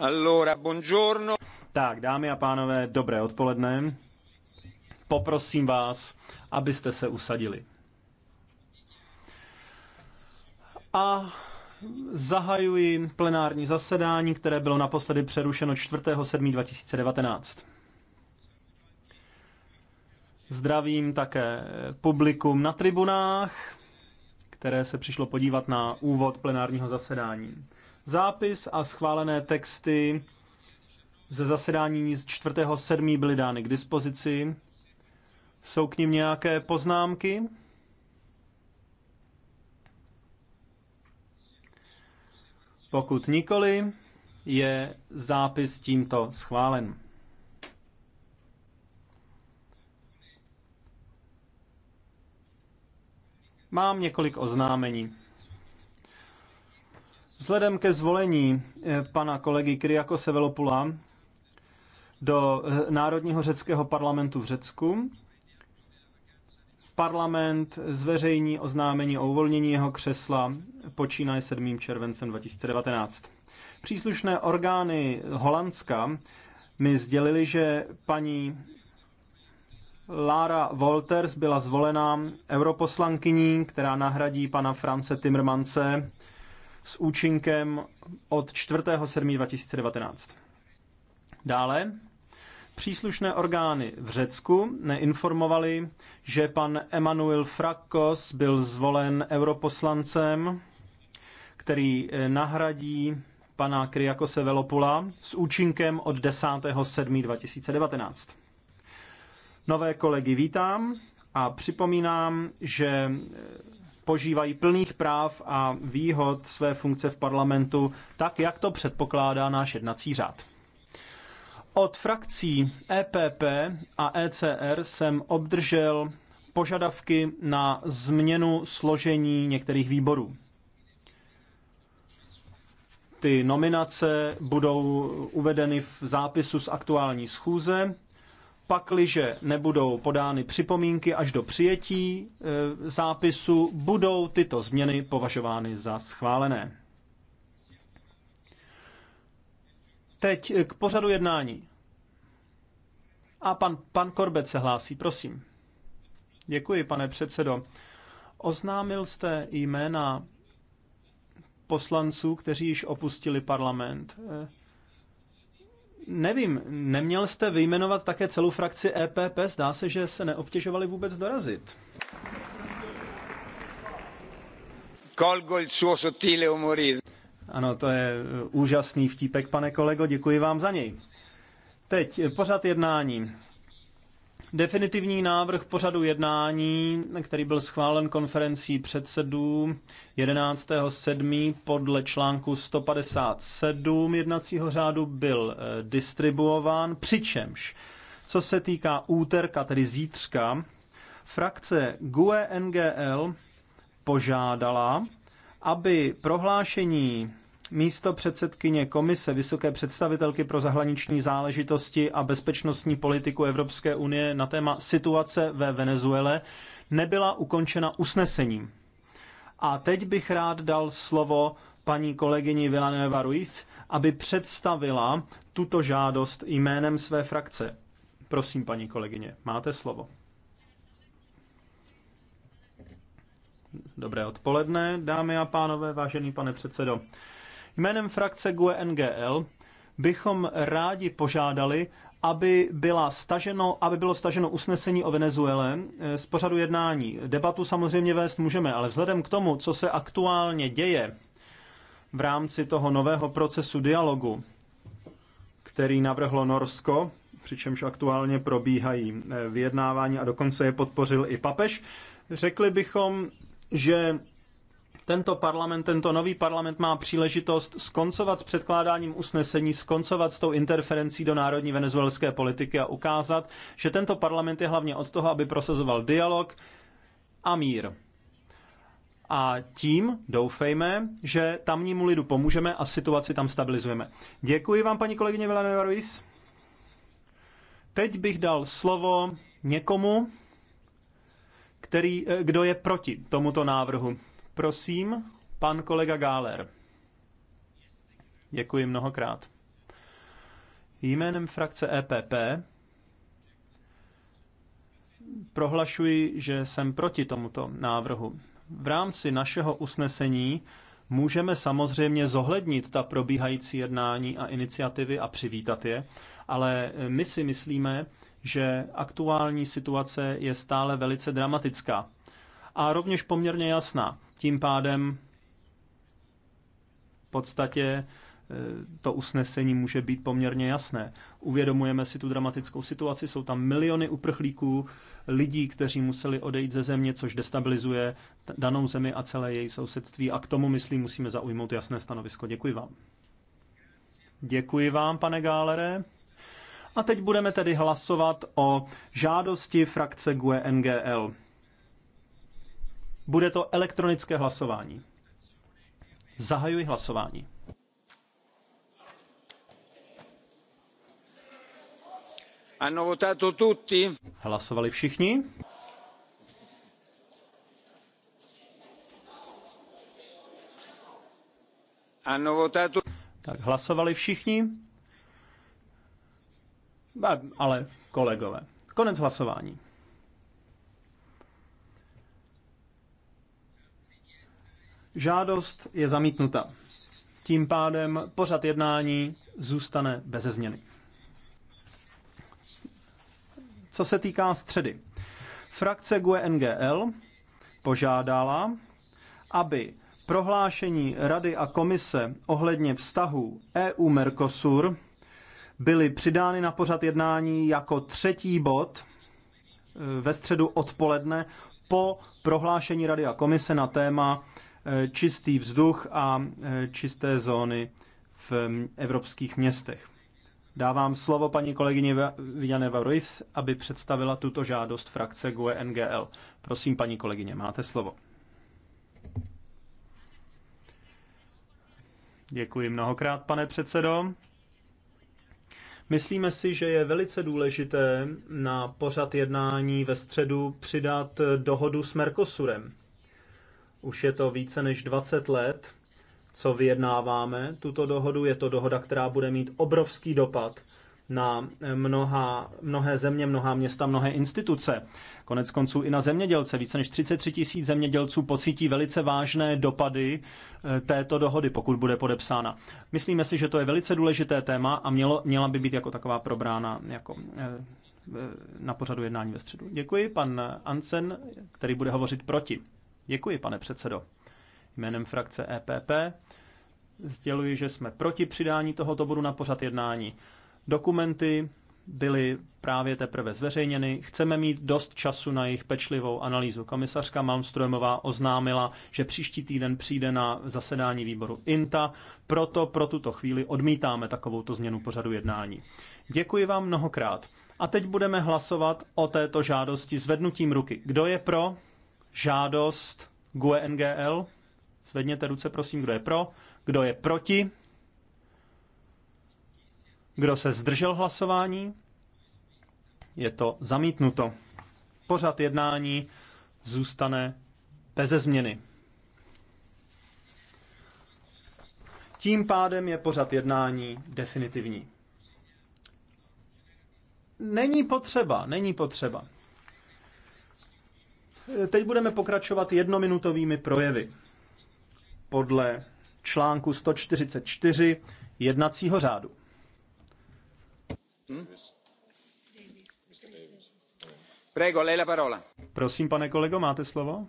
Allora, buongiorno. Tak, dámy a pánové, dobré odpoledne. Poprosím vás, abyste se usadili. A zahajuji plenární zasedání, které bylo naposledy přerušeno 4.7.2019. Zdravím také publikum na tribunách, které se přišlo podívat na úvod plenárního zasedání. Zápis a schválené texty ze zasedání z 4.7. byly dány k dispozici. Jsou k nim nějaké poznámky? Pokud nikoli, je zápis tímto schválen. Mám několik oznámení. Vzhledem ke zvolení eh, pana kolegy Kriako Sevelopula do eh, Národního řeckého parlamentu v Řecku, parlament zveřejní oznámení o uvolnění jeho křesla počínaje 7. červencem 2019. Příslušné orgány Holandska mi sdělili, že paní Lara Wolters byla zvolena europoslankyní, která nahradí pana France Timmermanse s účinkem od 4.7.2019. Dále příslušné orgány v Řecku neinformovali, že pan Emanuel Frakos byl zvolen europoslancem, který eh, nahradí pana Kriakose Velopula s účinkem od 10.7.2019. Nové kolegy vítám a připomínám, že eh, požívají plných práv a výhod své funkce v parlamentu, tak jak to předpokládá náš jednací řád. Od frakcí EPP a ECR jsem obdržel požadavky na změnu složení některých výborů. Ty nominace budou uvedeny v zápisu z aktuální schůze pakliže nebudou podány připomínky až do přijetí eh, zápisu, budou tyto změny považovány za schválené. Teď k pořadu jednání. A pan, pan Korbec se hlásí, prosím. Děkuji, pane předsedo. Oznámil jste jména poslanců, kteří již opustili parlament. Eh, Nevím, neměl jste vyjmenovat také celou frakci EPP? Zdá se, že se neobtěžovali vůbec dorazit. Colgo il suo sottile umorismo. Ano, to je uh, úžasný vtípek, pane kolego, děkuji vám za něj. Teď eh, pořád jednání. Definitivní návrh pořadu jednání, který byl schválen konferencí předsedů 11.7. podle článku 157 jednacího řádu, byl eh, distribuován, přičemž co se týká úterka, tedy zítřka, frakce GUE NGL požádala, aby prohlášení místo předsedkyně Komise Vysoké představitelky pro zahraniční záležitosti a bezpečnostní politiku Evropské unie na téma situace ve Venezuele nebyla ukončena usnesením. A teď bych rád dal slovo paní kolegyni Villanueva Ruiz, aby představila tuto žádost jménem své frakce. Prosím, paní kolegyně, máte slovo. Dobré odpoledne, dámy a pánové, vážený pane předsedo. Jménem frakce GUE NGL bychom rádi požádali, aby, byla staženo, aby bylo staženo usnesení o Venezuele eh, z pořadu jednání. Debatu samozřejmě vést můžeme, ale vzhledem k tomu, co se aktuálně děje v rámci toho nového procesu dialogu, který navrhlo Norsko, přičemž aktuálně probíhají eh, vyjednávání a dokonce je podpořil i papež, řekli bychom, že tento parlament, tento nový parlament má příležitost skoncovat s předkládáním usnesení, skoncovat s tou interferencí do národní venezuelské politiky a ukázat, že tento parlament je hlavně od toho, aby prosazoval dialog a mír. A tím doufejme, že tamnímu lidu pomůžeme a situaci tam stabilizujeme. Děkuji vám, paní kolegyně Villanueva Ruiz. Teď bych dal slovo někomu, který, eh, kdo je proti tomuto návrhu. Prosím, pan kolega Gáler. Děkuji mnohokrát. Jménem frakce EPP prohlašuji, že jsem proti tomuto návrhu. V rámci našeho usnesení můžeme samozřejmě zohlednit ta probíhající jednání a iniciativy a přivítat je, ale my si myslíme, že aktuální situace je stále velice dramatická a rovněž poměrně jasná. Tím pádem v podstatě e, to usnesení může být poměrně jasné. Uvědomujeme si tu dramatickou situaci, jsou tam miliony uprchlíků, lidí, kteří museli odejít ze země, což destabilizuje danou zemi a celé její sousedství a k tomu, myslím, musíme zaujmout jasné stanovisko. Děkuji vám. Děkuji vám, pane Gálere. A teď budeme tedy hlasovat o žádosti frakce GUE NGL. Bude to elektronické hlasování. Zahajuji hlasování. Hanno votato tutti? Hlasovali všichni? Hanno votato... Tak hlasovali všichni? Ale kolegové, konec hlasování. Žádost je zamítnuta. Tím pádem pořad jednání zůstane bez změny. Co se týká středy. Frakce GUE NGL požádala, aby prohlášení Rady a komise ohledně vztahu EU-Mercosur byly přidány na pořad jednání jako třetí bod e, ve středu odpoledne po prohlášení Rady a komise na téma Eh, čistý vzduch a eh, čisté zóny v mm, evropských městech. Dávám slovo paní kolegyně Viviane Varuiz, aby představila tuto žádost frakce GUE NGL. Prosím, paní kolegyně, máte slovo. Děkuji mnohokrát, pane předsedo. Myslíme si, že je velice důležité na pořad jednání ve středu přidat dohodu s Mercosurem. Už je to více než 20 let, co vyjednáváme tuto dohodu. Je to dohoda, která bude mít obrovský dopad na mnoha, mnohé země, mnohá města, mnohé instituce. Konec konců i na zemědělce. Více než 33 tisíc zemědělců pocítí velice vážné dopady eh, této dohody, pokud bude podepsána. Myslíme si, že to je velice důležité téma a mělo, měla by být jako taková probrána jako eh, na pořadu jednání ve středu. Děkuji, pan Ansen, který bude hovořit proti. Děkuji, pane předsedo. Jménem frakce EPP sděluji, že jsme proti přidání tohoto bodu na pořad jednání. Dokumenty byly právě teprve zveřejněny. Chceme mít dost času na jejich pečlivou analýzu. Komisařka Malmströmová oznámila, že příští týden přijde na zasedání výboru INTA, proto pro tuto chvíli odmítáme takovouto změnu pořadu jednání. Děkuji vám mnohokrát. A teď budeme hlasovat o této žádosti zvednutím ruky. Kdo je pro? žádost GUE NGL. Zvedněte ruce, prosím, kdo je pro, kdo je proti, kdo se zdržel hlasování. Je to zamítnuto. Pořad jednání zůstane beze změny. Tím pádem je pořad jednání definitivní. Není potřeba, není potřeba. Teď budeme pokračovat jednominutovými projevy. Podle článku 144 jednacího řádu. Hm? Prego, lei la parola. Prosím, pane kolego, máte slovo?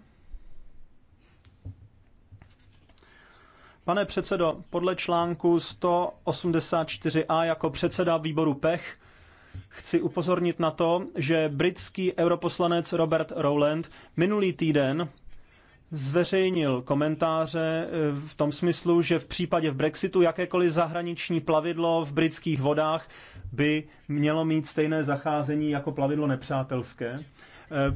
Pane předsedo, podle článku 184a jako předseda výboru PECH chci upozornit na to, že britský europoslanec Robert Rowland minulý týden zveřejnil komentáře eh, v tom smyslu, že v případě v Brexitu jakékoliv zahraniční plavidlo v britských vodách by mělo mít stejné zacházení jako plavidlo nepřátelské. Eh,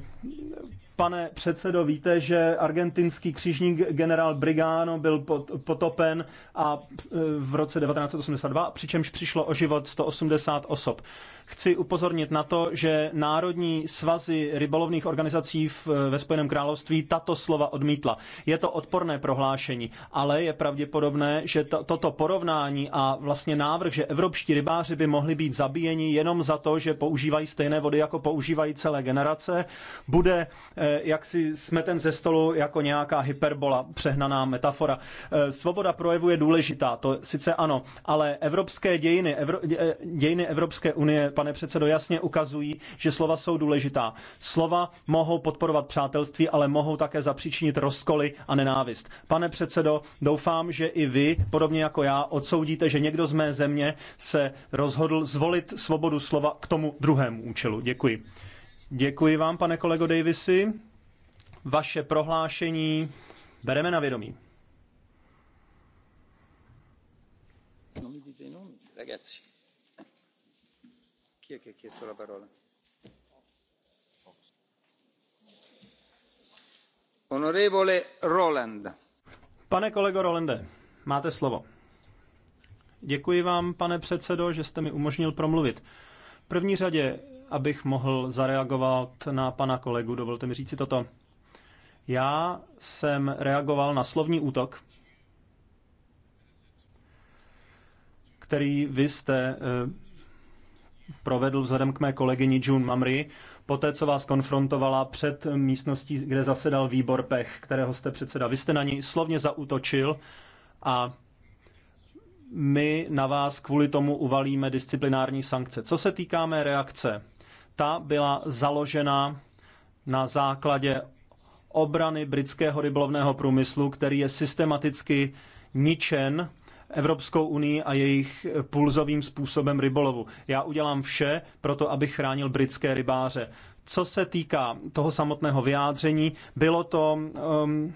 Pane předsedo, víte, že argentinský křižník generál Brigano byl potopen a e, v roce 1982, přičemž přišlo o život 180 osob. Chci upozornit na to, že Národní svazy rybolovných organizací v, e, ve Spojeném království tato slova odmítla. Je to odporné prohlášení, ale je pravděpodobné, že to, toto porovnání a vlastně návrh, že evropští rybáři by mohli být zabíjeni jenom za to, že používají stejné vody, jako používají celé generace, bude eh, jak si smeten ze stolu jako nějaká hyperbola, přehnaná metafora. E, svoboda projevu je důležitá, to sice ano, ale evropské dějiny, Evro, e, dějiny Evropské unie, pane předsedo, jasně ukazují, že slova jsou důležitá. Slova mohou podporovat přátelství, ale mohou také zapříčinit rozkoly a nenávist. Pane předsedo, doufám, že i vy, podobně jako já, odsoudíte, že někdo z mé země se rozhodl zvolit svobodu slova k tomu druhému účelu. Děkuji. Děkuji vám, pane kolego Davisy. Vaše prohlášení bereme na vědomí. Honorevole Roland. Pane kolego Rolande, máte slovo. Děkuji vám, pane předsedo, že jste mi umožnil promluvit. V první řadě abych mohl zareagovat na pana kolegu, dovolte mi říct si toto. Já jsem reagoval na slovní útok, který vy jste eh, provedl vzhledem k mé kolegyni June Mamry, poté co vás konfrontovala před místností, kde zasedal výbor PECH, kterého jste předseda. Vy jste na ní slovně zautočil a my na vás kvůli tomu uvalíme disciplinární sankce. Co se týká mé reakce, ta byla založena na základě obrany britského rybolovného průmyslu, který je systematicky ničen Evropskou unii a jejich pulzovým způsobem rybolovu. Já udělám vše pro to, abych chránil britské rybáře. Co se týká toho samotného vyjádření, bylo to um,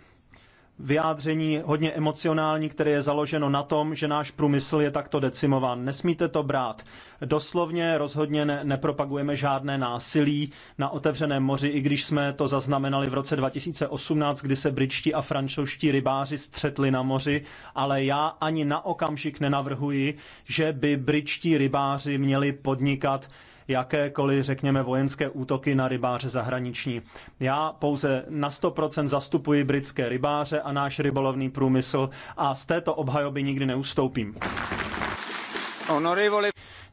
vyjádření hodně emocionální, které je založeno na tom, že náš průmysl je takto decimován. Nesmíte to brát. Doslovně rozhodně ne, nepropagujeme žádné násilí na otevřeném moři, i když jsme to zaznamenali v roce 2018, kdy se britští a francouzští rybáři střetli na moři, ale já ani na okamžik nenavrhuji, že by britští rybáři měli podnikat jakékoliv, řekněme, vojenské útoky na rybáře zahraniční. Já pouze na 100% zastupuji britské rybáře a náš rybolovný průmysl a z této obhajoby nikdy neustoupím.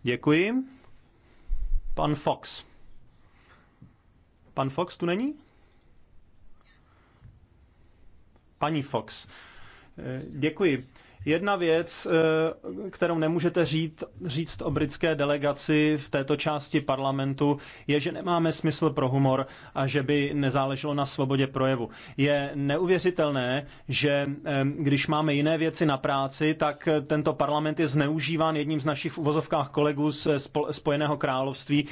Děkuji. Pan Fox. Pan Fox tu není? Paní Fox. Eh, děkuji. Jedna věc, eh, kterou nemůžete říct, říct o britské delegaci v této části parlamentu, je, že nemáme smysl pro humor a že by nezáleželo na svobodě projevu. Je neuvěřitelné, že eh, když máme jiné věci na práci, tak eh, tento parlament je zneužíván jedním z našich uvozovkách kolegů z Spojeného království,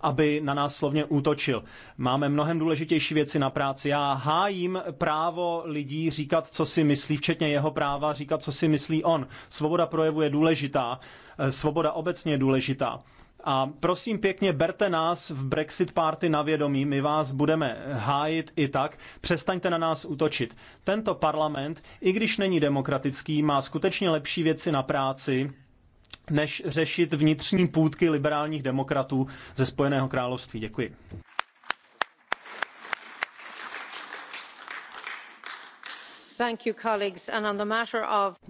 aby na nás slovně útočil. Máme mnohem důležitější věci na práci. Já hájím právo lidí říkat, co si myslí, včetně jeho práva říkat, říkat, co si myslí on. Svoboda projevu je důležitá, eh, svoboda obecně je důležitá. A prosím pěkně, berte nás v Brexit Party na vědomí, my vás budeme hájit i tak, přestaňte na nás útočit. Tento parlament, i když není demokratický, má skutečně lepší věci na práci, než řešit vnitřní půdky liberálních demokratů ze Spojeného království. Děkuji.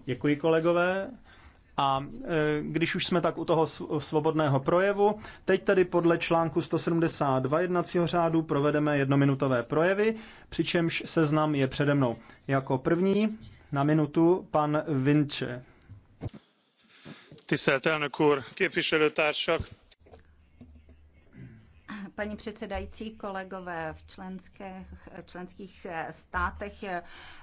Děkuji kolegové. A e, když už jsme tak u toho svobodného projevu, teď tedy podle článku 172 jednacího řádu provedeme jednominutové projevy, přičemž seznam je přede mnou. Jako první na minutu pan Vinče. Tisztelt elnök úr, képviselőtársak! paní předsedající, kolegové, v členských, členských státech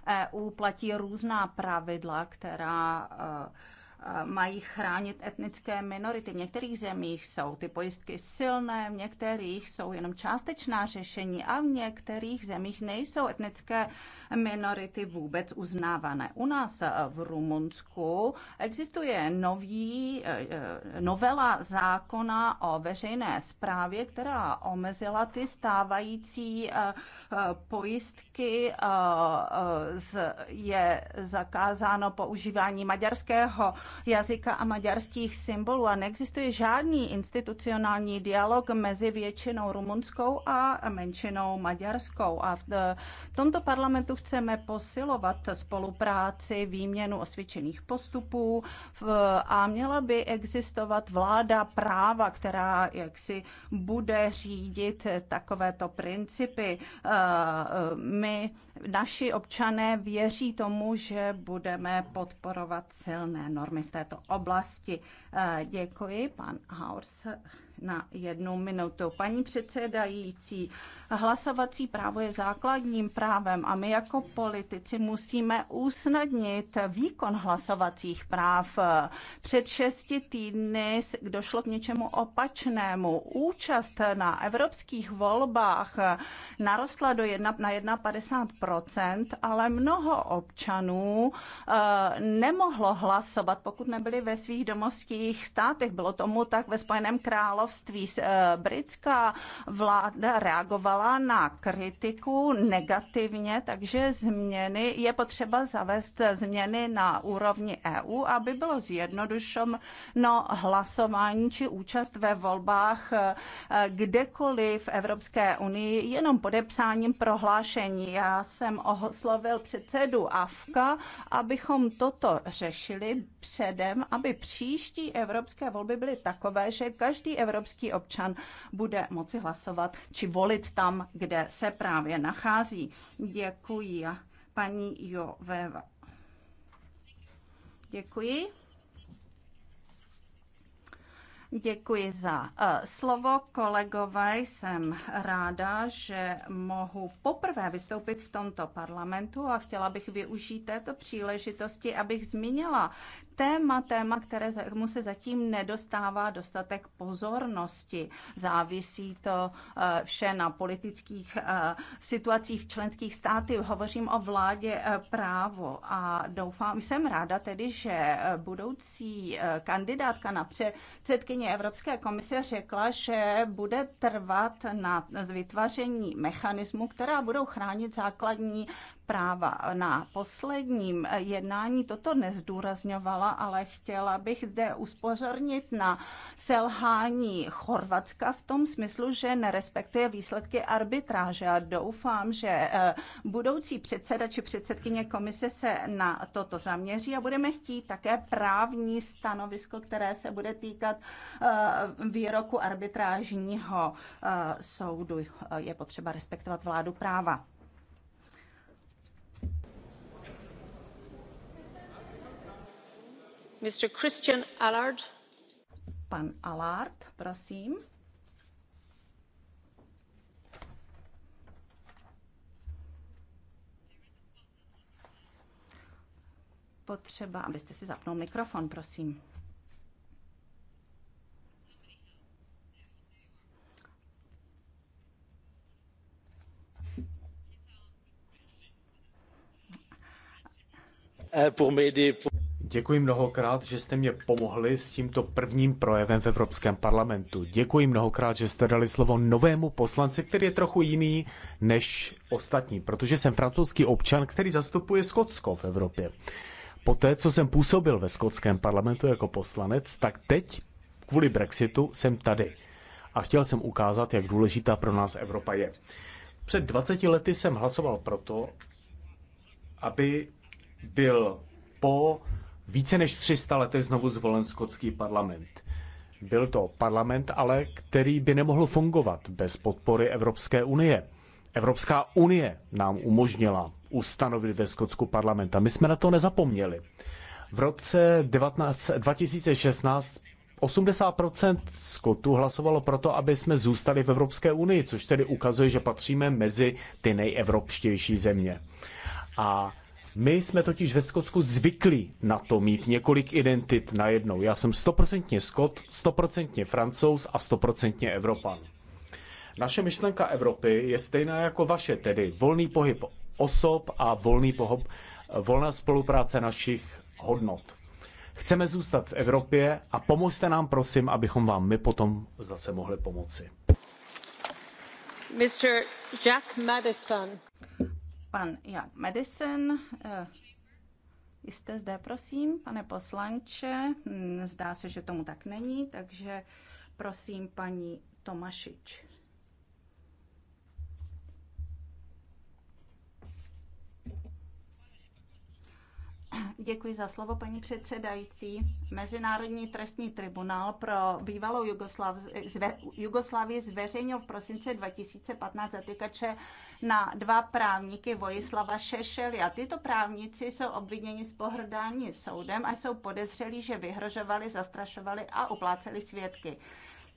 EU platí různá pravidla, která eh, mají chránit etnické minority. V některých zemích jsou ty pojistky silné, v některých jsou jenom částečná řešení a v některých zemích nejsou etnické minority vůbec uznávané. U nás eh, v Rumunsku existuje nový, eh, eh, novela zákona o veřejné správě, která omezila ty stávající pojistky. Je zakázáno používání maďarského jazyka a maďarských symbolů a neexistuje žádný institucionální dialog mezi většinou rumunskou a menšinou maďarskou. A v e, tomto parlamentu chceme posilovat spolupráci, výměnu osvědčených postupů a měla by existovat vláda práva, která jaksi bude řídit takovéto principy. E, e, my, naši občané věří tomu, že budeme podporovat silné normy reformy v této oblasti. Eh, děkuji, pan Haurs na jednu minutu. Paní předsedající, hlasovací právo je základním právem a my jako politici musíme usnadnit výkon hlasovacích práv. Před šesti týdny došlo k něčemu opačnému. Účast na evropských volbách narostla do jedna, na 51%, ale mnoho občanů eh, nemohlo hlasovat, pokud nebyli ve svých domovských státech. Bylo tomu tak ve Spojeném království království. Eh, britská vláda reagovala na kritiku negativně, takže změny je potřeba zavést změny na úrovni EU, aby bylo zjednodušeno hlasování či účast ve volbách eh, kdekoliv v Evropské unii jenom podepsáním prohlášení. Já jsem oslovil předsedu AFKA, abychom toto řešili předem, aby příští evropské volby byly takové, že každý evropský evropský občan bude moci hlasovat či volit tam, kde se právě nachází. Děkuji paní Joveva. Děkuji. Děkuji za uh, slovo, kolegové. Jsem ráda, že mohu poprvé vystoupit v tomto parlamentu a chtěla bych využít této příležitosti, abych zmínila téma, téma, které mu se zatím nedostává dostatek pozornosti. Závisí to eh, vše na politických eh, situacích v členských státech. Hovořím o vládě eh, právo a doufám, jsem ráda tedy, že budoucí kandidátka na předsedkyně Evropské komise řekla, že bude trvat na vytváření mechanismů, která budou chránit základní práva. Na posledním jednání toto nezdůrazňovala, ale chtěla bych zde uspořornit na selhání Chorvatska v tom smyslu, že nerespektuje výsledky arbitráže a doufám, že eh, budoucí předseda či předsedkyně komise se na toto zaměří a budeme chtít také právní stanovisko, které se bude týkat eh, výroku arbitrážního eh, soudu. Je potřeba respektovat vládu práva. Mr. Christian Allard. Pan Allard, prosím. Potřeba, abyste si zapnul mikrofon, prosím. Eh, pour m'aider. Pour... Děkuji mnohokrát, že jste mě pomohli s tímto prvním projevem v Evropském parlamentu. Děkuji mnohokrát, že jste dali slovo novému poslanci, který je trochu jiný než ostatní, protože jsem francouzský občan, který zastupuje Skotsko v Evropě. Poté, co jsem působil ve skotském parlamentu jako poslanec, tak teď kvůli Brexitu jsem tady. A chtěl jsem ukázat, jak důležitá pro nás Evropa je. Před 20 lety jsem hlasoval proto, aby byl po více než 300 letech znovu zvolen skotský parlament. Byl to parlament, ale který by nemohl fungovat bez podpory Evropské unie. Evropská unie nám umožnila ustanovit ve Skotsku parlament a my jsme na to nezapomněli. V roce 19, 2016 80% Skotů hlasovalo proto, aby jsme zůstali v Evropské unii, což tedy ukazuje, že patříme mezi ty nejevropštější země. A my jsme totiž ve Skotsku zvyklí na to mít několik identit najednou. Já jsem stoprocentně Skot, stoprocentně Francouz a stoprocentně Evropan. Naše myšlenka Evropy je stejná jako vaše, tedy volný pohyb osob a volný pohyb, volná spolupráce našich hodnot. Chceme zůstat v Evropě a pomožte nám, prosím, abychom vám my potom zase mohli pomoci. Mr. Jack Madison. Pan Jan Madison, eh, jste zde, prosím, pane poslanče. Hm, zdá se, že tomu tak není, takže prosím paní Tomašič. Děkuji za slovo, paní předsedající. Mezinárodní trestní tribunál pro bývalou Jugoslávii zveřejnil v prosinci 2015 zatykače na dva právníky Vojislava A Tyto právníci jsou obviněni z pohrdání soudem a jsou podezřelí, že vyhrožovali, zastrašovali a upláceli svědky.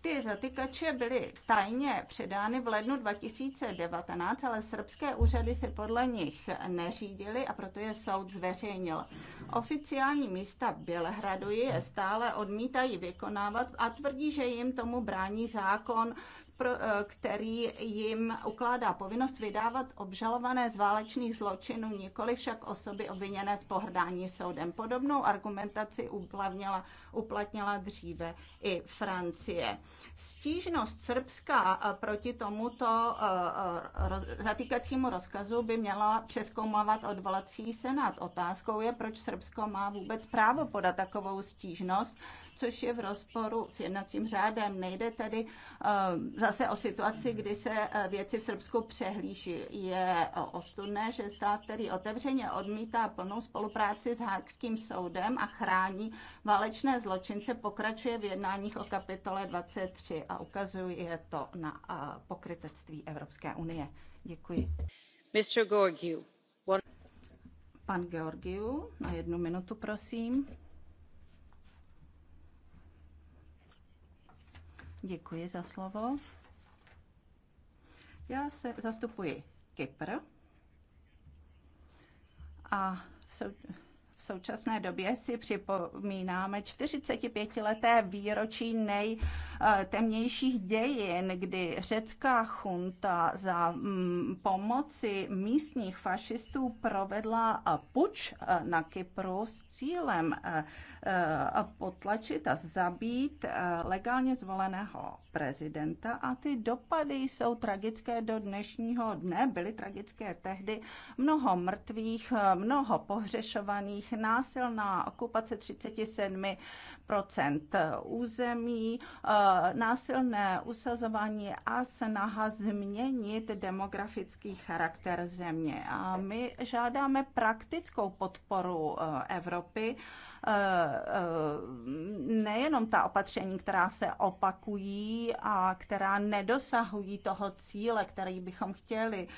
Ty zatykače byly tajně předány v lednu 2019, ale srbské úřady se podle nich neřídily a proto je soud zveřejnil. Oficiální místa v Bělehradu je stále odmítají vykonávat a tvrdí, že jim tomu brání zákon, Eh, který jim ukládá povinnost vydávat obžalované z válečných zločinů, nikoli však osoby obviněné z pohrdání soudem. Podobnou argumentaci uplavnila, uplatnila dříve i Francie. Stížnost Srbska eh, proti tomuto eh, zatýkacímu rozkazu by měla přeskoumávat odvolací senát. Otázkou je, proč Srbsko má vůbec právo podat takovou stížnost, což je v rozporu s jednacím řádem. Nejde tedy eh, zase o situaci, kdy se eh, věci v Srbsku přehlíží. Je ostudné, že stát, který otevřeně odmítá plnou spolupráci s Hákským soudem a chrání válečné zločince, pokračuje v jednáních o kapitole 23 a ukazuje to na eh, pokrytectví Evropské unie. Děkuji. Mr. Georgiou. Pan Georgiou, na jednu minutu, prosím. Děkuji za slovo. Já se zastupuji Kypr a v, současné době si připomínáme 45-leté výročí nejtemnějších dějin, kdy řecká chunta za mm, pomoci místních fašistů provedla puč na Kypru s cílem potlačit a zabít legálně zvoleného prezidenta a ty dopady jsou tragické do dnešního dne, byly tragické tehdy. Mnoho mrtvých, mnoho pohřešovaných, násilná okupace 37 procent území, eh, násilné usazování a snaha změnit demografický charakter země. A my žádáme praktickou podporu eh, Evropy, eh, nejenom ta opatření, která se opakují a která nedosahují toho cíle, který bychom chtěli.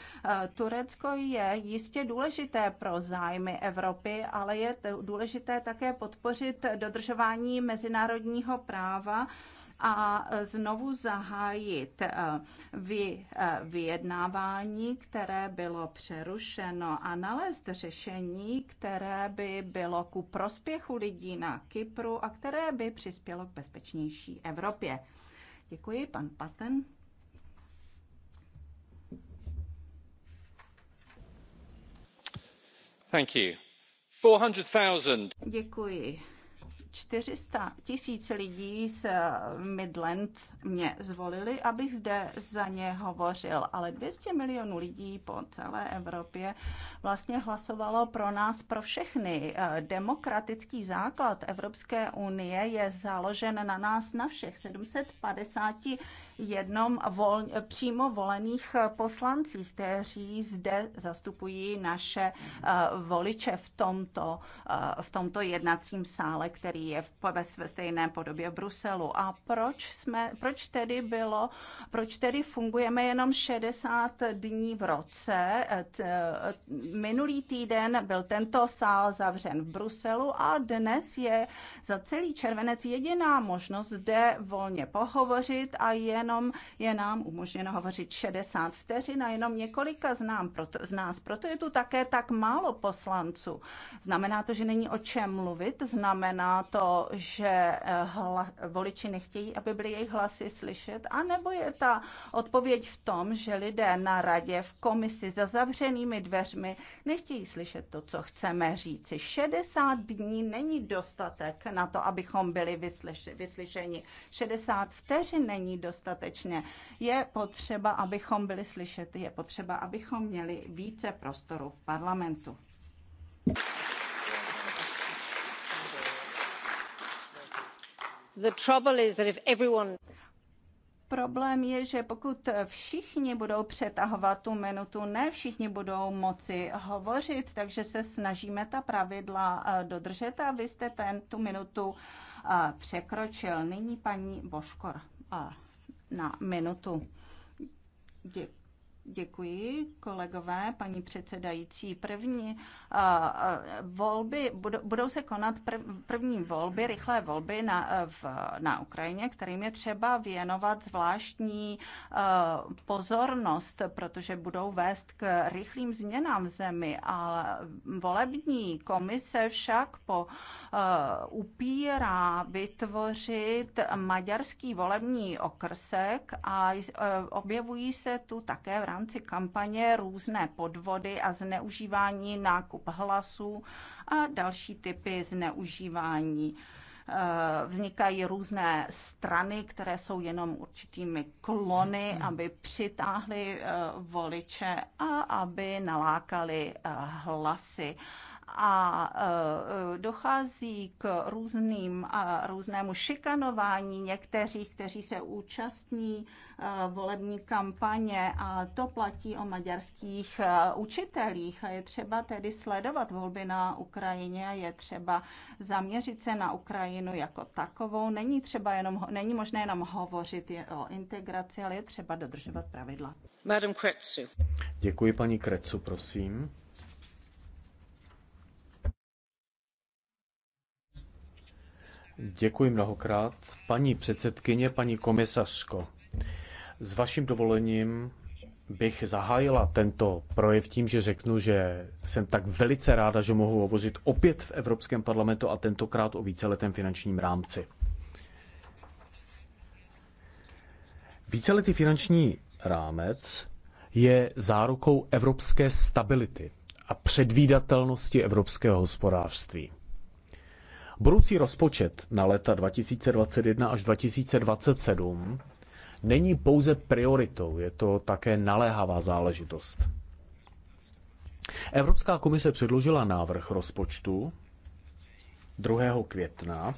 Turecko je jistě důležité pro zájmy Evropy, ale je důležité také podpořit dodržování mezinárodního práva a znovu zahájit eh, vy, eh, vyjednávání, které bylo přerušeno a nalézt řešení, které by bylo ku prospěchu lidí na Kypru a které by přispělo k bezpečnější Evropě. Děkuji, pan Paten. Thank you. 400, 000... Děkuji. 400 tisíc lidí z Midlands mě zvolili, abych zde za ně hovořil, ale 200 milionů lidí po celé Evropě vlastně hlasovalo pro nás, pro všechny. Demokratický základ Evropské unie je založen na nás, na všech 750 jednom vol, přímo volených poslancích, kteří zde zastupují naše eh, voliče v tomto, eh, v tomto jednacím sále, který je ve stejné podobě Bruselu. A proč, jsme, proč tedy bylo, proč tedy fungujeme jenom 60 dní v roce? Eh, minulý týden byl tento sál zavřen v Bruselu a dnes je za celý červenec jediná možnost zde volně pohovořit a jen jenom je nám umožněno hovořit 60 vteřin a jenom několika z, nám, proto, z nás. Proto je tu také tak málo poslanců. Znamená to, že není o čem mluvit, znamená to, že eh, hla, voliči nechtějí, aby byly jejich hlasy slyšet, A nebo je ta odpověď v tom, že lidé na radě, v komisi za zavřenými dveřmi nechtějí slyšet to, co chceme říci. 60 dní není dostatek na to, abychom byli vyslyšeni. 60 vteřin není dostatek dostatečně. Je potřeba, abychom byli slyšet, je potřeba, abychom měli více prostoru v parlamentu. The trouble is that if everyone problém je, že pokud všichni budou přetahovat tu minutu, ne všichni budou moci hovořit, takže se snažíme ta pravidla eh, dodržet a vy jste ten, tu minutu eh, překročil. Nyní paní Boškor. Eh, na minutu. Děkuji. Děkuji, kolegové, paní předsedající. První uh, volby, budou, budou se konat prv, první volby, rychlé volby na, eh, v, na Ukrajině, kterým je třeba věnovat zvláštní uh, pozornost, protože budou vést k rychlým změnám v zemi. Ale volební komise však po uh, upírá vytvořit maďarský volební okrsek a uh, objevují se tu také v rámci rámci kampaně různé podvody a zneužívání nákup hlasů a další typy zneužívání eh, vznikají různé strany, které jsou jenom určitými klony, aby přitáhly eh, voliče a aby nalákali eh, hlasy a e, dochází k různým, různému šikanování někteří, kteří se účastní e, volební kampaně a to platí o maďarských e, učitelích. Je třeba tedy sledovat volby na Ukrajině a je třeba zaměřit se na Ukrajinu jako takovou. Není, třeba jenom, není možné jenom hovořit o integraci, ale je třeba dodržovat pravidla. Madam Kretsu. Děkuji paní Krecu, prosím. Děkuji mnohokrát. Paní předsedkyně, paní komisařko, s vaším dovolením bych zahájila tento projev tím, že řeknu, že jsem tak velice ráda, že mohu hovořit opět v Evropském parlamentu a tentokrát o víceletém finančním rámci. Víceletý finanční rámec je zárukou evropské stability a předvídatelnosti evropského hospodářství. Budoucí rozpočet na leta 2021 až 2027 není pouze prioritou, je to také naléhavá záležitost. Evropská komise předložila návrh rozpočtu 2. května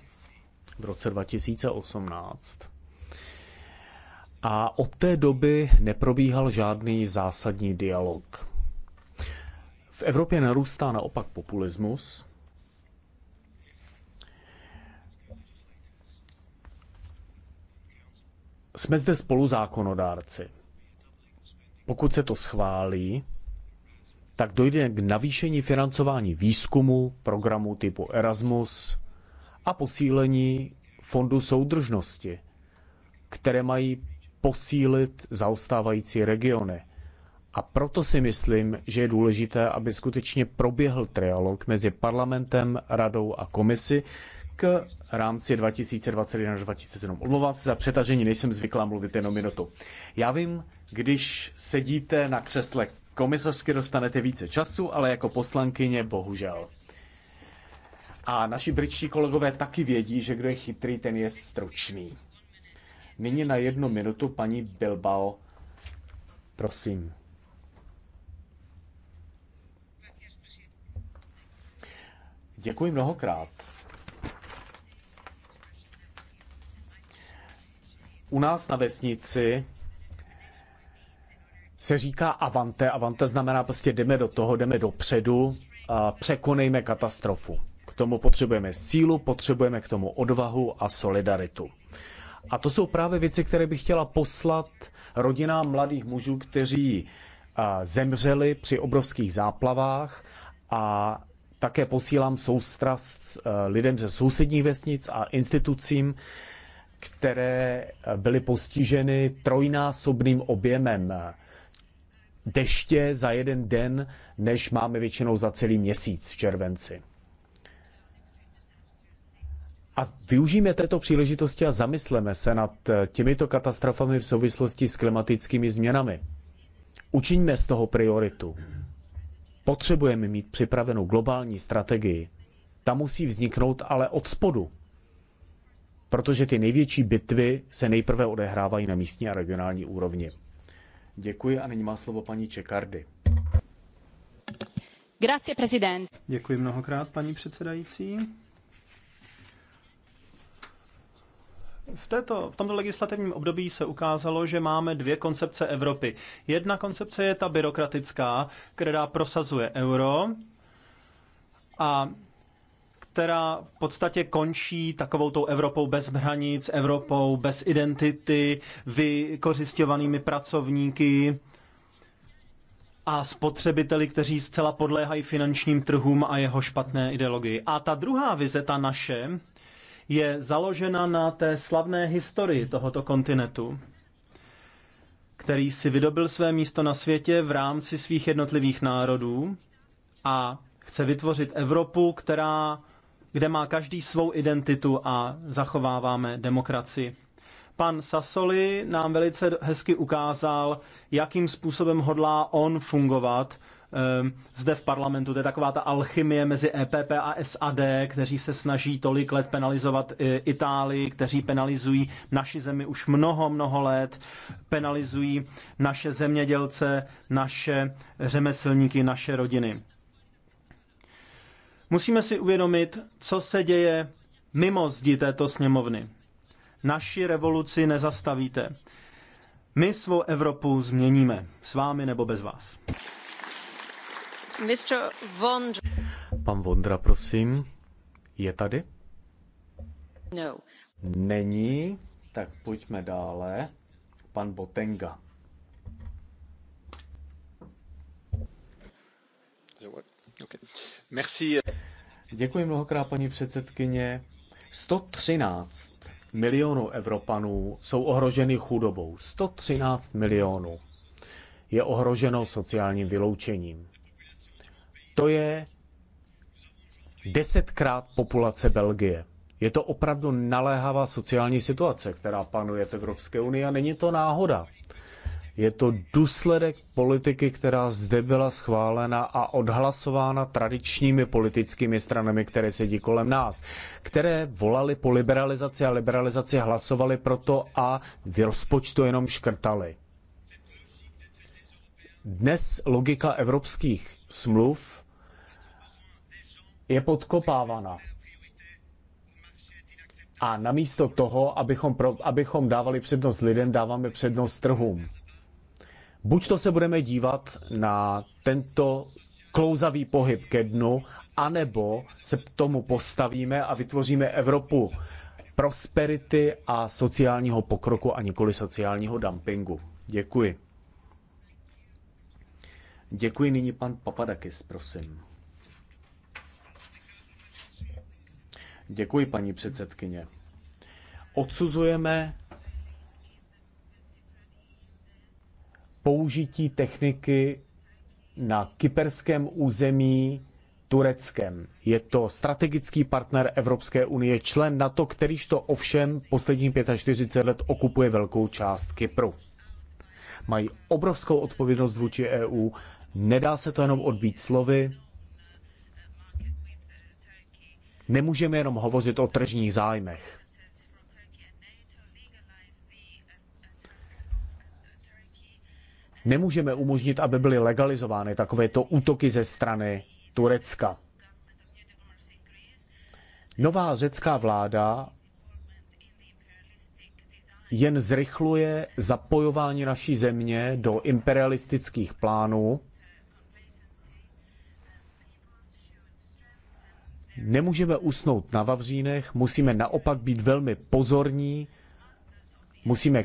v roce 2018 a od té doby neprobíhal žádný zásadní dialog. V Evropě narůstá naopak populismus, Jsme zde spolu zákonodárci. Pokud se to schválí, tak dojde k navýšení financování výzkumu, programů typu Erasmus a posílení fondu soudržnosti, které mají posílit zaostávající regiony. A proto si myslím, že je důležité, aby skutečně proběhl trialog mezi parlamentem, radou a komisi, k rámci 2021 až 2007. Omlouvám se za přetažení, nejsem zvyklá mluvit jenom minutu. Já vím, když sedíte na křesle komisařsky, dostanete více času, ale jako poslankyně bohužel. A naši britští kolegové taky vědí, že kdo je chytrý, ten je stručný. Nyní na jednu minutu paní Bilbao. Prosím. Děkuji mnohokrát. U nás na vesnici se říká avante. Avante znamená prostě jdeme do toho, jdeme dopředu, a překonejme katastrofu. K tomu potřebujeme sílu, potřebujeme k tomu odvahu a solidaritu. A to jsou právě věci, které bych chtěla poslat rodinám mladých mužů, kteří zemřeli při obrovských záplavách a také posílám soustrast lidem ze sousedních vesnic a institucím, které byly postiženy trojnásobným objemem deště za jeden den, než máme většinou za celý měsíc v červenci. A využijeme této příležitosti a zamysleme se nad těmito katastrofami v souvislosti s klimatickými změnami. Učiňme z toho prioritu. Potřebujeme mít připravenou globální strategii. Ta musí vzniknout ale od spodu, protože ty největší bitvy se nejprve odehrávají na místní a regionální úrovni. Děkuji a nyní má slovo paní Čekardy. Grazie, prezident. Děkuji mnohokrát, paní předsedající. V, této, v tomto legislativním období se ukázalo, že máme dvě koncepce Evropy. Jedna koncepce je ta byrokratická, která prosazuje euro a která v podstatě končí takovou tou Evropou bez hranic, Evropou bez identity, vykořišťovanými pracovníky a spotřebiteli, kteří zcela podléhají finančním trhům a jeho špatné ideologii. A ta druhá vize, ta naše, je založena na té slavné historii tohoto kontinentu, který si vydobil své místo na světě v rámci svých jednotlivých národů a chce vytvořit Evropu, která kde má každý svou identitu a zachováváme demokracii. Pan Sasoli nám velice hezky ukázal, jakým způsobem hodlá on fungovat ehm, zde v parlamentu. To je taková ta alchymie mezi EPP a SAD, kteří se snaží tolik let penalizovat e, Itálii, kteří penalizují naši zemi už mnoho, mnoho let, penalizují naše zemědělce, naše řemeslníky, naše rodiny. Musíme si uvědomit, co se děje mimo zdi této sněmovny. Naši revoluci nezastavíte. My svou Evropu změníme, s vámi nebo bez vás. Mr. Vondra. Pan Vondra, prosím, je tady? No. Není, tak pojďme dále. Pan Botenga. Děkuji mnohokrát, paní předsedkyně. 113 milionů Evropanů jsou ohroženy chudobou. 113 milionů je ohroženo sociálním vyloučením. To je desetkrát populace Belgie. Je to opravdu naléhavá sociální situace, která panuje v Evropské unii a není to náhoda. Je to důsledek politiky, která zde byla schválena a odhlasována tradičními politickými stranami, které sedí kolem nás, které volali po liberalizaci a liberalizaci hlasovali proto a v rozpočtu jenom škrtali. Dnes logika evropských smluv je podkopávána. A namísto toho, abychom, pro, abychom dávali přednost lidem, dáváme přednost trhům. Buď to se budeme dívat na tento klouzavý pohyb ke dnu, anebo se k tomu postavíme a vytvoříme Evropu prosperity a sociálního pokroku a nikoli sociálního dumpingu. Děkuji. Děkuji nyní pan Papadakis, prosím. Děkuji, paní předsedkyně. Odsuzujeme použití techniky na kyperském území Tureckem. Je to strategický partner Evropské unie, člen NATO, kterýž to ovšem posledních 45 let okupuje velkou část Kypru. Mají obrovskou odpovědnost vůči EU, nedá se to jenom odbít slovy, nemůžeme jenom hovořit o tržních zájmech. Nemůžeme umožnit, aby byly legalizovány takovéto útoky ze strany Turecka. Nová řecká vláda jen zrychluje zapojování naší země do imperialistických plánů. Nemůžeme usnout na Vavřínech, musíme naopak být velmi pozorní, musíme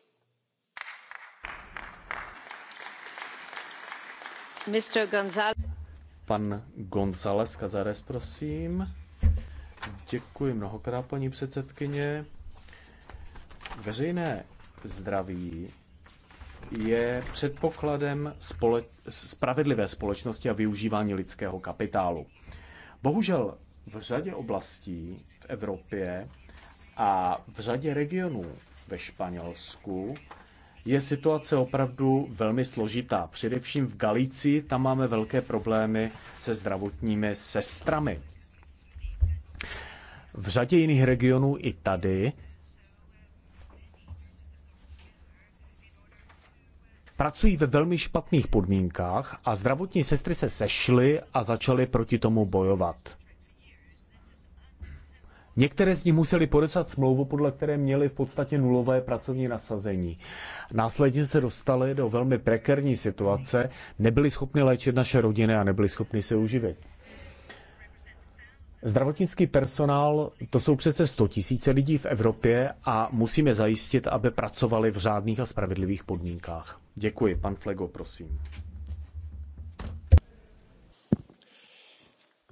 González. Pan González Cazares, prosím. Děkuji mnohokrát, paní předsedkyně. Veřejné zdraví je předpokladem spole- spravedlivé společnosti a využívání lidského kapitálu. Bohužel v řadě oblastí v Evropě a v řadě regionů ve Španělsku je situace opravdu velmi složitá. Především v Galicii tam máme velké problémy se zdravotními sestrami. V řadě jiných regionů i tady pracují ve velmi špatných podmínkách a zdravotní sestry se sešly a začaly proti tomu bojovat. Některé z nich museli podepsat smlouvu, podle které měli v podstatě nulové pracovní nasazení. Následně se dostali do velmi prekerní situace, nebyli schopni léčit naše rodiny a nebyli schopni se uživit. Zdravotnický personál, to jsou přece 100 000 lidí v Evropě a musíme zajistit, aby pracovali v řádných a spravedlivých podmínkách. Děkuji. Pan Flego, prosím.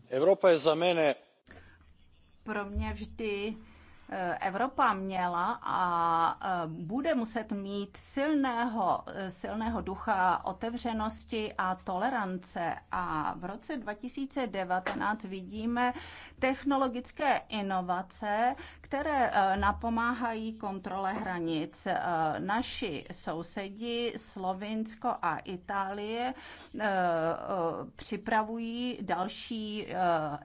Evropa je za mene pro mě vždy eh, Evropa měla a eh, bude muset mít silného, eh, silného ducha otevřenosti a tolerance. A v roce 2019 vidíme, technologické inovace, které eh, napomáhají kontrole hranic. Eh, naši sousedi Slovinsko a Itálie eh, připravují další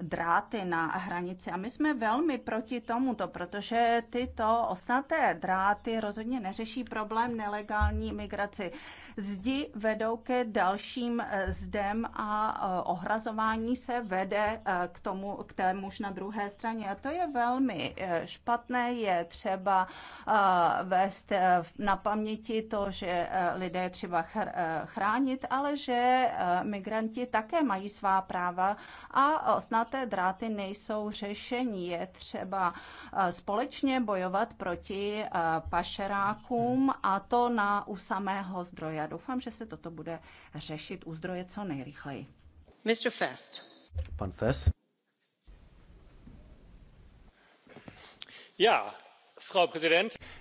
dráty na hranici a my jsme velmi proti tomuto, protože tyto osnaté dráty rozhodně neřeší problém nelegální migraci. Zdi vedou ke dalším zdem a ohrazování se vede k tomu, k tému muž na druhé straně. A to je velmi eh, špatné. Je třeba eh, vést eh, na paměti to, že lidé třeba chránit, ale že migranti také mají svá práva a osnaté dráty nejsou řešení. Je třeba společně bojovat proti pašerákům a to na u samého zdroje. Doufám, že se toto bude řešit u zdroje co nejrychleji. Mr. Fest. Pan Fest.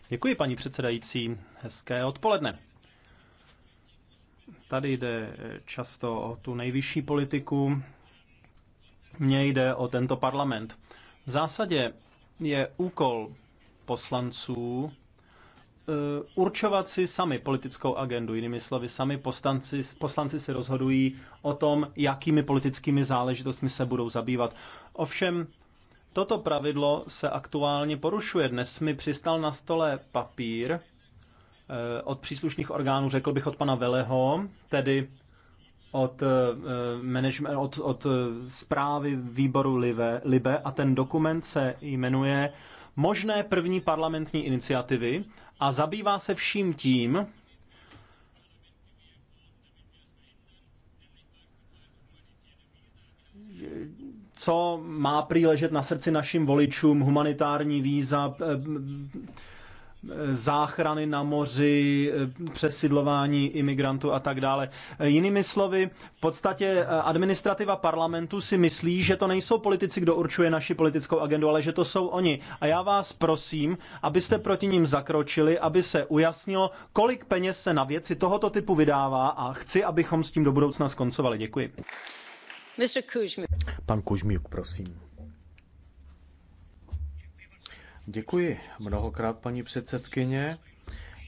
Děkuji, paní předsedající. Hezké odpoledne. Tady jde eh, často o tu nejvyšší politiku, mně jde o tento parlament. V zásadě je úkol poslanců eh, určovat si sami politickou agendu. Jinými slovy, sami poslanci, poslanci si rozhodují o tom, jakými politickými záležitostmi se budou zabývat. Ovšem, Toto pravidlo se aktuálně porušuje. Dnes mi přistal na stole papír eh, od příslušných orgánů, řekl bych od pana Veleho, tedy od, eh, management, od, od eh, zprávy výboru Libe, Libe a ten dokument se jmenuje Možné první parlamentní iniciativy a zabývá se vším tím, co má příležet na srdci našim voličům, humanitární víza, eh, eh, záchrany na moři, eh, přesidlování imigrantů a tak dále. Jinými slovy, v podstatě administrativa parlamentu si myslí, že to nejsou politici, kdo určuje naši politickou agendu, ale že to jsou oni. A já vás prosím, abyste proti ním zakročili, aby se ujasnilo, kolik peněz se na věci tohoto typu vydává a chci, abychom s tím do budoucna skoncovali. Děkuji. Pan Kužmiuk, prosím. Děkuji mnohokrát, paní předsedkyně.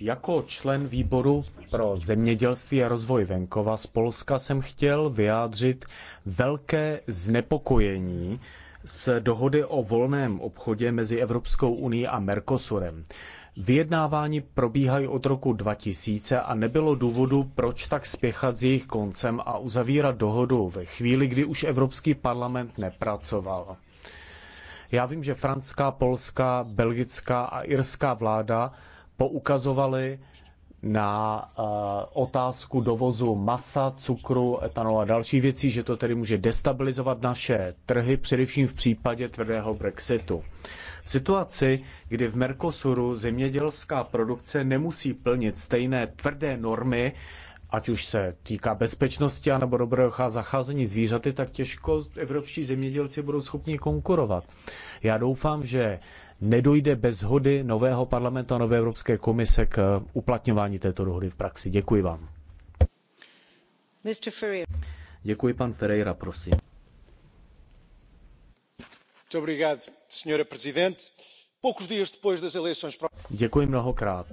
Jako člen výboru pro zemědělství a rozvoj venkova z Polska jsem chtěl vyjádřit velké znepokojení z dohody o volném obchodě mezi Evropskou unii a Mercosurem. Vyjednávání probíhají od roku 2000 a nebylo důvodu, proč tak spěchat s jejich koncem a uzavírat dohodu ve chvíli, kdy už Evropský parlament nepracoval. Já vím, že francouzská, polská, belgická a irská vláda poukazovaly na eh, otázku dovozu masa, cukru, etanolu a dalších věcí, že to tedy může destabilizovat naše trhy, především v případě tvrdého Brexitu. V situaci, kdy v Mercosuru zemědělská produkce nemusí plnit stejné tvrdé normy, ať už se týká bezpečnosti anebo dobrého zacházení zvířaty, tak těžko evropští zemědělci budou schopni konkurovat. Já doufám, že nedojde bez hody nového parlamentu a nové Evropské komise k uplatňování této dohody v praxi. Děkuji vám. Mr. Děkuji, pan Ferreira, prosím. Děkuji mnohokrát.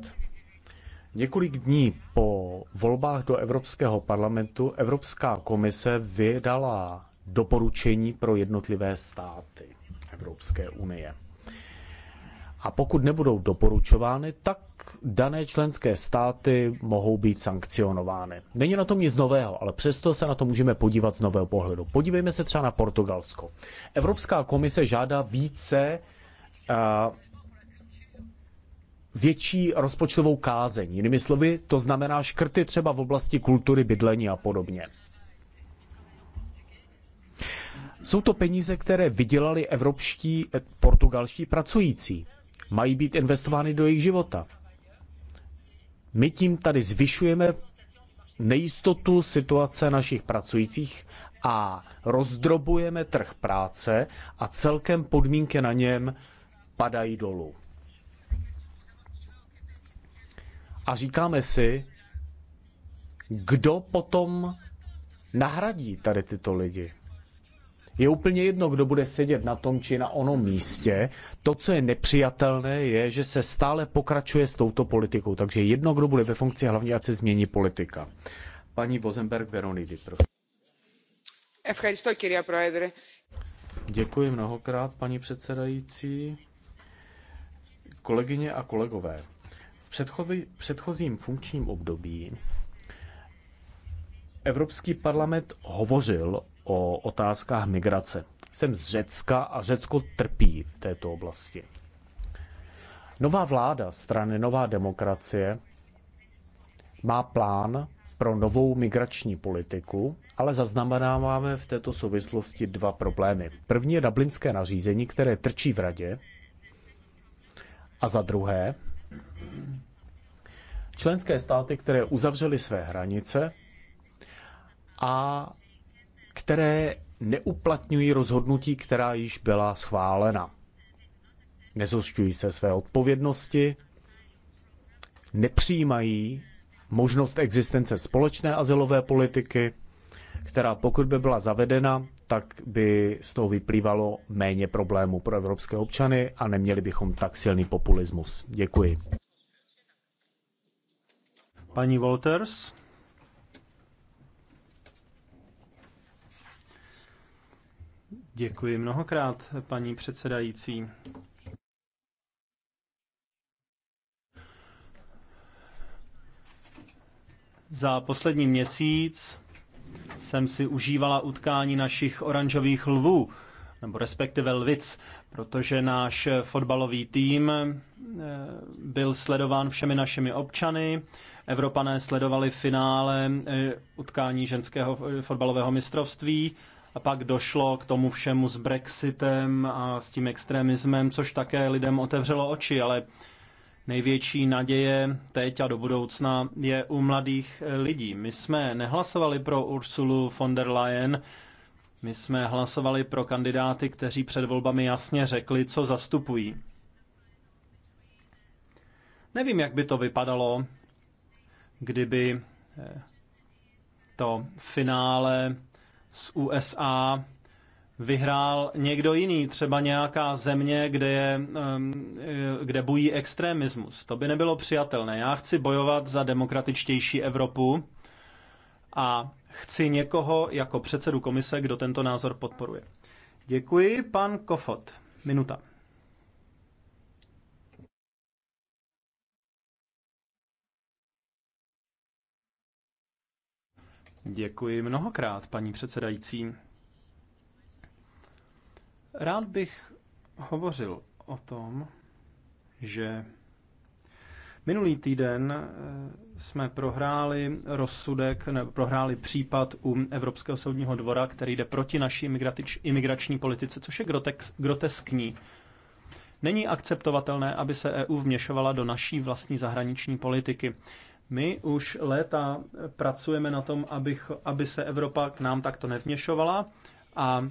Několik dní po volbách do Evropského parlamentu Evropská komise vydala doporučení pro jednotlivé státy Evropské unie. A pokud nebudou doporučovány, tak dané členské státy mohou být sankcionovány. Není na tom nic nového, ale přesto se na to můžeme podívat z nového pohledu. Podívejme se třeba na Portugalsko. Evropská komise žádá více uh, větší rozpočtovou kázeň. Jinými slovy, to znamená škrty třeba v oblasti kultury, bydlení a podobně. Jsou to peníze, které vydělali evropští, eh, portugalští pracující. Mají být investovány do jejich života. My tím tady zvyšujeme nejistotu situace našich pracujících a rozdrobujeme trh práce a celkem podmínky na něm padají dolů. a říkáme si, kdo potom nahradí tady tyto lidi. Je úplně jedno, kdo bude sedět na tom či na onom místě. To, co je nepřijatelné, je, že se stále pokračuje s touto politikou. Takže jedno, kdo bude ve funkci, hlavně ať se změní politika. Paní Vozenberg Veronidy, prosím. Děkuji mnohokrát, paní předsedající. Kolegyně a kolegové, předchozí, předchozím funkčním období Evropský parlament hovořil o otázkách migrace. Jsem z Řecka a Řecko trpí v této oblasti. Nová vláda strany Nová demokracie má plán pro novou migrační politiku, ale zaznamenáváme v této souvislosti dva problémy. První je dublinské nařízení, které trčí v radě, a za druhé členské státy, které uzavřely své hranice a které neuplatňují rozhodnutí, která již byla schválena. Nezošťují se své odpovědnosti, nepřijímají možnost existence společné asilové politiky, která pokud by byla zavedena, tak by z toho vyplývalo méně problémů pro evropské občany a neměli bychom tak silný populismus. Děkuji. Paní Walters. Děkuji mnohokrát, paní předsedající. Za poslední měsíc jsem si užívala utkání našich oranžových lvů, nebo respektive lvic, protože náš fotbalový tým eh, byl sledován všemi našimi občany. Evropané sledovali finále eh, utkání ženského eh, fotbalového mistrovství a pak došlo k tomu všemu s Brexitem a s tím extremismem, což také lidem otevřelo oči, ale Největší naděje teď a do budoucna je u mladých eh, lidí. My jsme nehlasovali pro Ursulu von der Leyen, my jsme hlasovali pro kandidáty, kteří před volbami jasně řekli, co zastupují. Nevím, jak by to vypadalo, kdyby eh, to finále z USA vyhrál někdo jiný, třeba nějaká země, kde, je, e, kde bují extremismus. To by nebylo přijatelné. Já chci bojovat za demokratičtější Evropu a chci někoho jako předsedu komise, kdo tento názor podporuje. Děkuji, pan Kofot. Minuta. Děkuji mnohokrát, paní předsedající. Rád bych hovořil o tom, že minulý týden eh, jsme prohráli rozsudek, ne, prohráli případ u Evropského soudního dvora, který jde proti naší imigrační politice, což je grotex, groteskní. Není akceptovatelné, aby se EU vměšovala do naší vlastní zahraniční politiky. My už léta pracujeme na tom, abych, aby se Evropa k nám takto nevměšovala a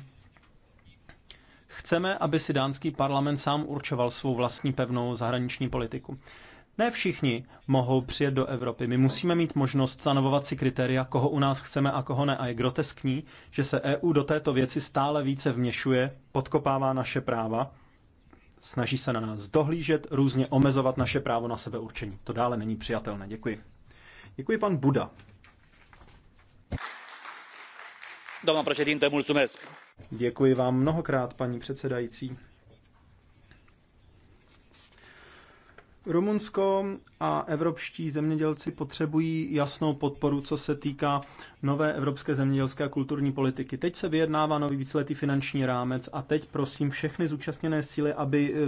Chceme, aby si dánský parlament sám určoval svou vlastní pevnou zahraniční politiku. Ne všichni mohou přijet do Evropy. My musíme mít možnost stanovovat si kritéria, koho u nás chceme a koho ne. A je groteskní, že se EU do této věci stále více vměšuje, podkopává naše práva, snaží se na nás dohlížet, různě omezovat naše právo na sebeurčení. To dále není přijatelné. Děkuji. Děkuji pan Buda. doamnă președintă, mulțumesc. Děkuji vám mnohokrát, paní předsedající. Rumunsko a evropští zemědělci potřebují jasnou podporu, co se týká nové evropské zemědělské a kulturní politiky. Teď se vyjednává nový víceletý finanční rámec a teď prosím všechny zúčastněné síly, aby eh,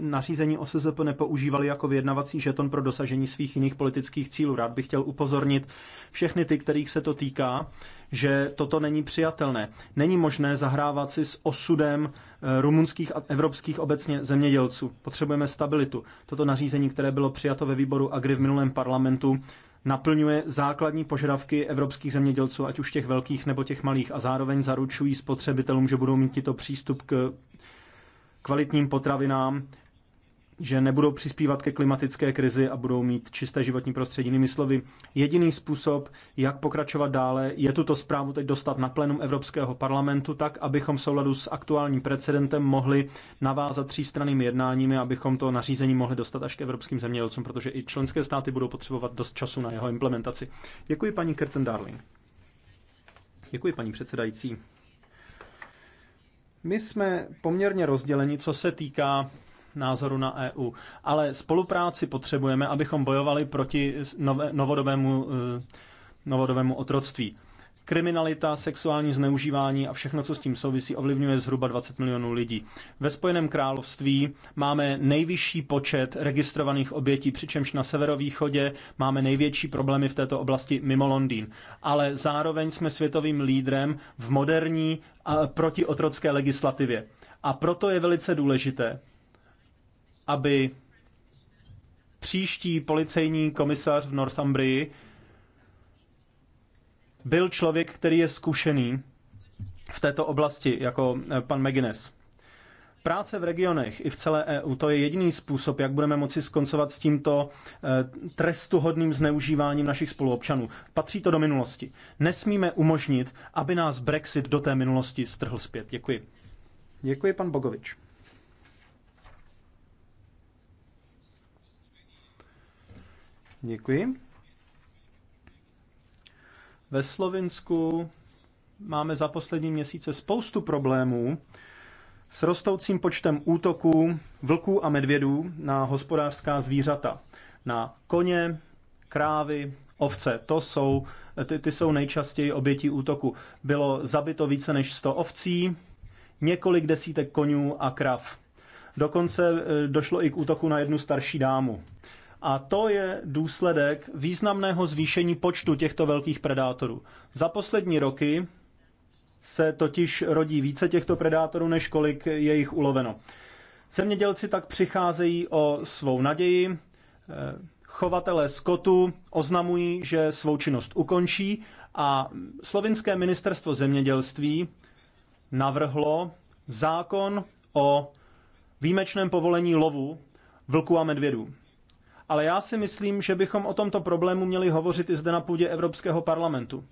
nařízení OSZP nepoužívali jako vyjednavací žeton pro dosažení svých jiných politických cílů. Rád bych chtěl upozornit všechny ty, kterých se to týká, že toto není přijatelné. Není možné zahrávat si s osudem eh, rumunských a evropských obecně zemědělců. Potřebujeme stabilitu. Toto nařízení, které bylo přijato ve výboru Agri v minulém parlamentu, naplňuje základní požadavky evropských zemědělců, ať už těch velkých nebo těch malých, a zároveň zaručují spotřebitelům, že budou mít tito přístup k kvalitním potravinám, že nebudou přispívat ke klimatické krizi a budou mít čisté životní prostředí. Jinými slovy, jediný způsob, jak pokračovat dále, je tuto zprávu teď dostat na plenum Evropského parlamentu, tak abychom v souladu s aktuálním precedentem mohli navázat třístrannými jednáními, abychom to nařízení mohli dostat až k evropským zemědělcům, protože i členské státy budou potřebovat dost času na jeho implementaci. Děkuji paní Kirten Darling. Děkuji paní předsedající. My jsme poměrně rozděleni, co se týká názoru na EU. Ale spolupráci potřebujeme, abychom bojovali proti nové, novodobému, eh, novodobému otroctví. Kriminalita, sexuální zneužívání a všechno, co s tím souvisí, ovlivňuje zhruba 20 milionů lidí. Ve Spojeném království máme nejvyšší počet registrovaných obětí, přičemž na severovýchodě máme největší problémy v této oblasti mimo Londýn. Ale zároveň jsme světovým lídrem v moderní protiotrocké legislativě. A proto je velice důležité, aby příští policejní komisař v Northumbrii byl člověk, který je zkušený v této oblasti, jako eh, pan McGuinness. Práce v regionech i v celé EU, to je jediný způsob, jak budeme moci skoncovat s tímto eh, trestuhodným zneužíváním našich spoluobčanů. Patří to do minulosti. Nesmíme umožnit, aby nás Brexit do té minulosti strhl zpět. Děkuji. Děkuji, pan Bogovič. Děkuji. Ve Slovinsku máme za poslední měsíce spoustu problémů s rostoucím počtem útoků vlků a medvědů na hospodářská zvířata. Na koně, krávy, ovce. To jsou, ty, ty jsou nejčastěji obětí útoku. Bylo zabito více než 100 ovcí, několik desítek konňů a krav. Dokonce e, došlo i k útoku na jednu starší dámu. A to je důsledek významného zvýšení počtu těchto velkých predátorů. Za poslední roky se totiž rodí více těchto predátorů, než kolik je jich uloveno. Zemědělci tak přicházejí o svou naději, eh, chovatelé skotu oznamují, že svou činnost ukončí a slovinské ministerstvo zemědělství navrhlo zákon o výjimečném povolení lovu vlků a medvědů ale já si myslím, že bychom o tomto problému měli hovořit i zde na půdě Evropského parlamentu.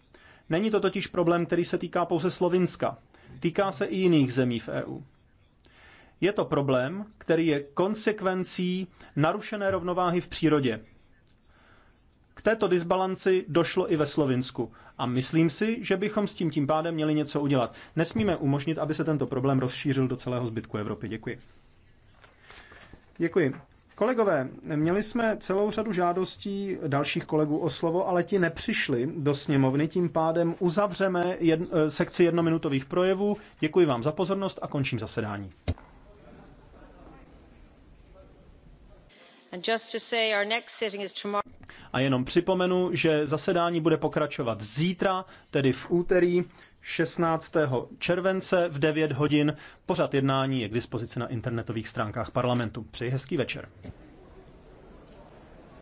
Není to totiž problém, který se týká pouze Slovinska. Týká se i jiných zemí v EU. Je to problém, který je konsekvencí narušené rovnováhy v přírodě. K této disbalanci došlo i ve Slovinsku a myslím si, že bychom s tím tím pádem měli něco udělat. Nesmíme umožnit, aby se tento problém rozšířil do celého zbytku Evropy. Děkuji. Děkuji. Kolegové, měli jsme celou řadu žádostí dalších kolegů o slovo, ale ti nepřišli do sněmovny, tím pádem uzavřeme jedn, eh, sekci jednominutových projevů. Děkuji vám za pozornost a končím zasedání. A jenom připomenu, že zasedání bude pokračovat zítra, tedy v úterý 16. července v 9 hodin. Pořad jednání je k dispozici na internetových stránkách parlamentu. Přeji hezký večer.